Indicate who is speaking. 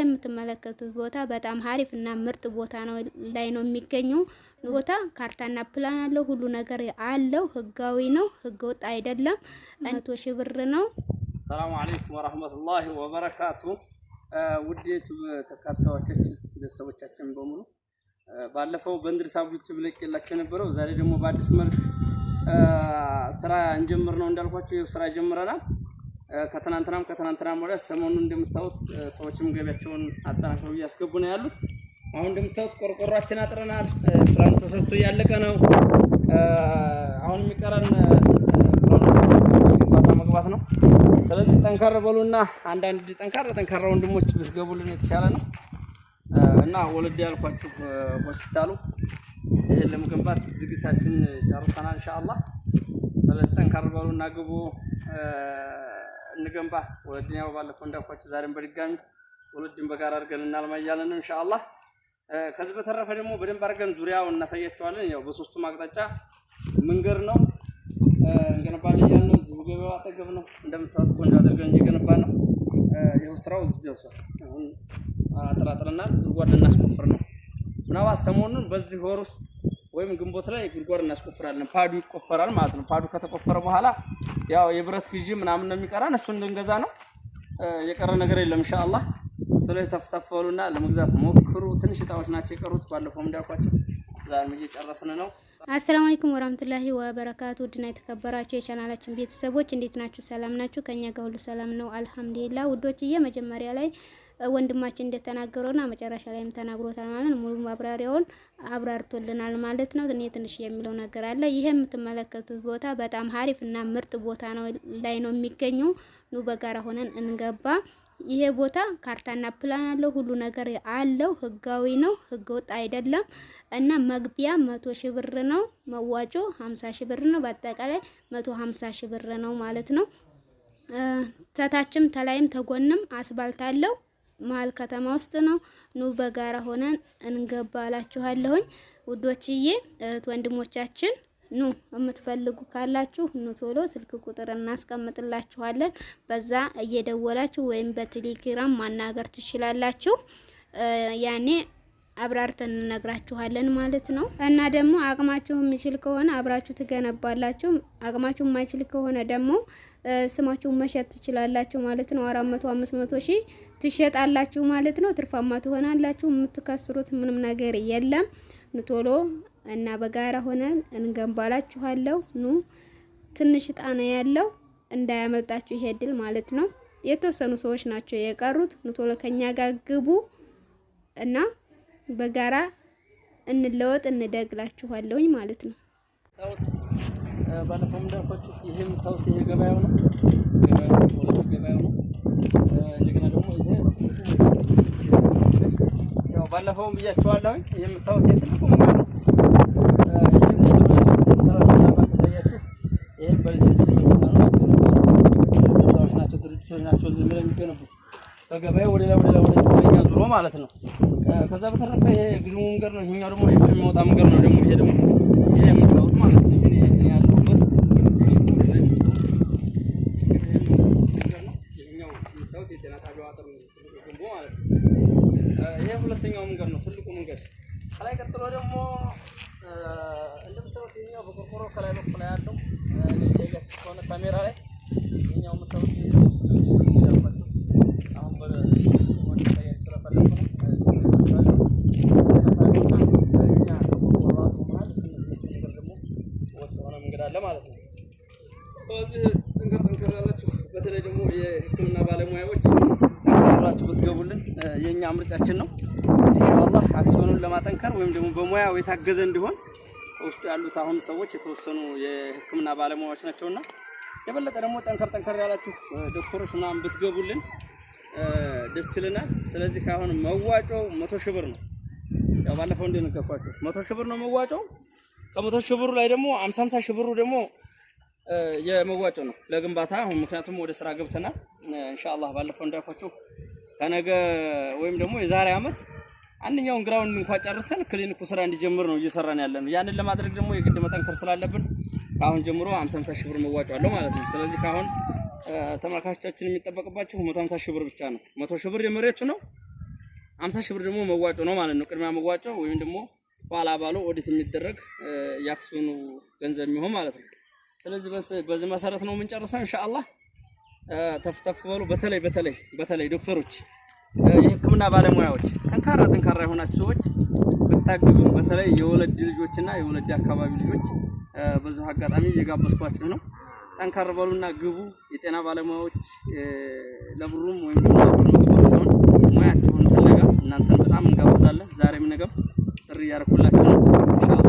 Speaker 1: የምትመለከቱት ቦታ በጣም ሀሪፍ እና ምርጥ ቦታ ነው ላይ ነው የሚገኘው ቦታ ካርታና ፕላን አለው። ሁሉ ነገር አለው። ህጋዊ ነው፣ ህገ ወጥ አይደለም። መቶ ሺህ ብር ነው።
Speaker 2: ሰላም አለይኩም ወራህመቱላሂ ወበረካቱ። ውዴት ተከታዮቻችን፣ ቤተሰቦቻችን በሙሉ ባለፈው በእንድርሳ ዩቲዩብ ለቅቄላችሁ የነበረው ዛሬ ደግሞ በአዲስ መልክ ስራ እንጀምር ነው እንዳልኳችሁ፣ ስራ ጀምረናል። ከትናንትናም ከትናንትናም ወዲያ ሰሞኑን እንደምታዩት ሰዎችም ገቢያቸውን አጠናክረው እያስገቡ ነው ያሉት። አሁን እንደምታዩት ቆርቆሯችን አጥረናል። ፕላኑ ተሰርቶ እያለቀ ነው። አሁን የሚቀረን ግንባታ መግባት ነው። ስለዚህ ጠንከር በሉና አንዳንድ ጠንካራ ጠንካራ ወንድሞች ብትገቡልን የተሻለ ነው እና ወለድ ያልኳችሁ ሆስፒታሉ ይህን ለመገንባት ዝግጅታችን ጨርሰናል። እንሻአላህ ስለዚህ ጠንከር በሉና ግቡ። እንገንባ። ወለድን ያው ባለፈው እንዳልኳቸው ዛሬም በድጋሚ ወለድን በጋራ አድርገን እናልማ እያለን ነው ኢንሻአላህ። ከዚህ በተረፈ ደግሞ በደንብ አድርገን ዙሪያው እናሳያቸዋለን። ያው በሶስቱ አቅጣጫ መንገድ ነው እንገነባለን እያልን ነው። እዚሁ ገበያው አጠገብ ነው እንደምታውቁ፣ ቆንጆ አድርገን እየገነባ ነው። ይኸው ስራው እዚህ ደርሷል። አሁን አጥራጥረናል፣ ጉድጓድ እናስቆፍር ነው ምናባት ሰሞኑን በዚህ ወር ውስጥ ወይም ግንቦት ላይ ጉድጓድ እናስቆፍራለን። ፓዱ ይቆፈራል ማለት ነው። ፓዱ ከተቆፈረ በኋላ ያው የብረት ግዢ ምናምን ነው የሚቀራን፣ እሱ እንድንገዛ ነው። የቀረ ነገር የለም ኢንሻአላህ። ስለዚህ ተፍተፈሉና ለመግዛት ሞክሩ። ትንሽ እጣዎች ናቸው የቀሩት፣ ባለፈው እንዳልኳቸው ዛሬም እየጨረስን ነው።
Speaker 1: አሰላሙ አለይኩም ወራህመቱላሂ ወበረካቱ። ውድና የተከበራችሁ የቻናላችን ቤተሰቦች እንዴት ናችሁ? ሰላም ናችሁ? ከኛ ጋር ሁሉ ሰላም ነው አልሐምዱሊላህ። ውዶችዬ መጀመሪያ ላይ ወንድማችን እንደተናገረውና መጨረሻ ላይም ተናግሮታል ማለት ነው። ሙሉ ማብራሪያውን አብራርቶልናል ማለት ነው። እኔ ትንሽ የሚለው ነገር አለ። ይህ የምትመለከቱት ቦታ በጣም ሀሪፍ እና ምርጥ ቦታ ነው ላይ ነው የሚገኘው። ኑ በጋራ ሆነን እንገባ። ይሄ ቦታ ካርታና ፕላን አለው፣ ሁሉ ነገር አለው። ህጋዊ ነው፣ ህገወጥ አይደለም እና መግቢያ መቶ ሺህ ብር ነው። መዋጮ ሀምሳ ሺህ ብር ነው። በአጠቃላይ መቶ ሀምሳ ሺህ ብር ነው ማለት ነው። ተታችም ተላይም ተጎንም አስባልት አለው። መሀል ከተማ ውስጥ ነው። ኑ በጋራ ሆነን እንገባላችኋለሁኝ ውዶችዬ፣ እህት ወንድሞቻችን ኑ የምትፈልጉ ካላችሁ ኑ ቶሎ ስልክ ቁጥር እናስቀምጥላችኋለን። በዛ እየደወላችሁ ወይም በቴሌግራም ማናገር ትችላላችሁ። ያኔ አብራርተን እንነግራችኋለን ማለት ነው። እና ደግሞ አቅማችሁ የሚችል ከሆነ አብራችሁ ትገነባላችሁ። አቅማችሁ የማይችል ከሆነ ደግሞ ስማችሁን መሸጥ ትችላላችሁ ማለት ነው። አራት መቶ አምስት መቶ ሺህ ትሸጣላችሁ ማለት ነው። ትርፋማ ትሆናላችሁ። የምትከስሩት ምንም ነገር የለም። ንቶሎ እና በጋራ ሆነን እንገንባላችኋለሁ። ኑ ትንሽ ጣና ያለው እንዳያመልጣችሁ ይሄ እድል ማለት ነው። የተወሰኑ ሰዎች ናቸው የቀሩት። ንቶሎ ቶሎ ከኛ ጋር ግቡ እና በጋራ እንለወጥ እንደግላችኋለሁኝ ማለት ነው።
Speaker 2: ባለፈው እንዳልኳችሁ ታውት ይሄ ገበያው ነው። ገበያው ይሄም ታውት የትልቁ ነው። በዚህ ናቸው ድርጅቶች ናቸው ዝም ብለው የሚገነቡት በገበያው ወደ ማለት ነው። ከዛ በተረፈ ይሄ ግድሙ መንገድ ነው። ይሄኛው ደግሞ ሽቶ የሚወጣ መንገድ ነው። ደግሞ ይሄ ደግሞ ይሄ ማለት ነው። ይሄ ያለሁበት ይሄኛው የጤና ጣቢያው አጥር ግንቦ ማለት ነው። ይሄ ሁለተኛው መንገድ ነው፣ ትልቁ መንገድ። ከላይ ቀጥሎ ደግሞ እንደምታዩት ይሄኛው በቆርቆሮ ከላይ በኩል ያለው ከሆነ ካሜራ ላይ ብላችሁ ብትገቡልን የእኛ ምርጫችን ነው። ኢንሻአላህ አክሲዮኑን ለማጠንከር ወይም ደግሞ በሙያው የታገዘ እንዲሆን ውስጡ ያሉት አሁን ሰዎች የተወሰኑ የሕክምና ባለሙያዎች ናቸውና የበለጠ ደግሞ ጠንከር ጠንከር ያላችሁ ዶክተሮች ምናምን ብትገቡልን ደስ ይለናል። ስለዚህ ከአሁን መዋጮው መቶ ሺህ ብር ነው። ያው ባለፈው እንደነገርኳችሁ መቶ ሺህ ብር ነው መዋጮው። ከመቶ ሺህ ብሩ ላይ ደግሞ አምሳ አምሳ ሺህ ብሩ ደግሞ የመዋጮ ነው ለግንባታ አሁን ምክንያቱም ወደ ስራ ገብተናል። ኢንሻአላህ ባለፈው እንዳልኳችሁ ከነገ ወይም ደግሞ የዛሬ አመት አንደኛውን ግራውንድ እንኳን ጨርሰን ክሊኒኩ ስራ እንዲጀምር ነው እየሰራን ያለ ነው። ያንን ለማድረግ ደግሞ የግድ መጠንከር ስላለብን ከአሁን ጀምሮ 50 50 ሺህ ብር መዋጮ አለው ማለት ነው። ስለዚህ ከአሁን ተመልካቾቻችን የሚጠበቅባችሁ 150 ሺህ ብር ብቻ ነው። 100 ሺህ ብር የመሬቱ ነው። 50 ሺህ ብር ደግሞ መዋጮ ነው ማለት ነው። ቅድሚያ መዋጮ ወይም ደግሞ ኋላ ባለው ኦዲት የሚደረግ የአክሲዮኑ ገንዘብ የሚሆን ማለት ነው። ስለዚህ በዚህ መሰረት ነው የምንጨርሰው ኢንሻአላህ። ተፍተፍ በሉ። በተለይ በተለይ በተለይ ዶክተሮች፣ የህክምና ባለሙያዎች፣ ጠንካራ ጠንካራ የሆናችሁ ሰዎች ብታግዙ፣ በተለይ የወለድ ልጆችና የወለድ አካባቢ ልጆች በዚሁ አጋጣሚ እየጋበዝኳችሁ ነው። ጠንካራ በሉና ግቡ። የጤና ባለሙያዎች ለብሩም ወይም ሳይሆን ሙያችሁን ፍለጋ እናንተን በጣም እንጋብዛለን። ዛሬም ነገም ጥሪ እያደረኩላችሁ ነው።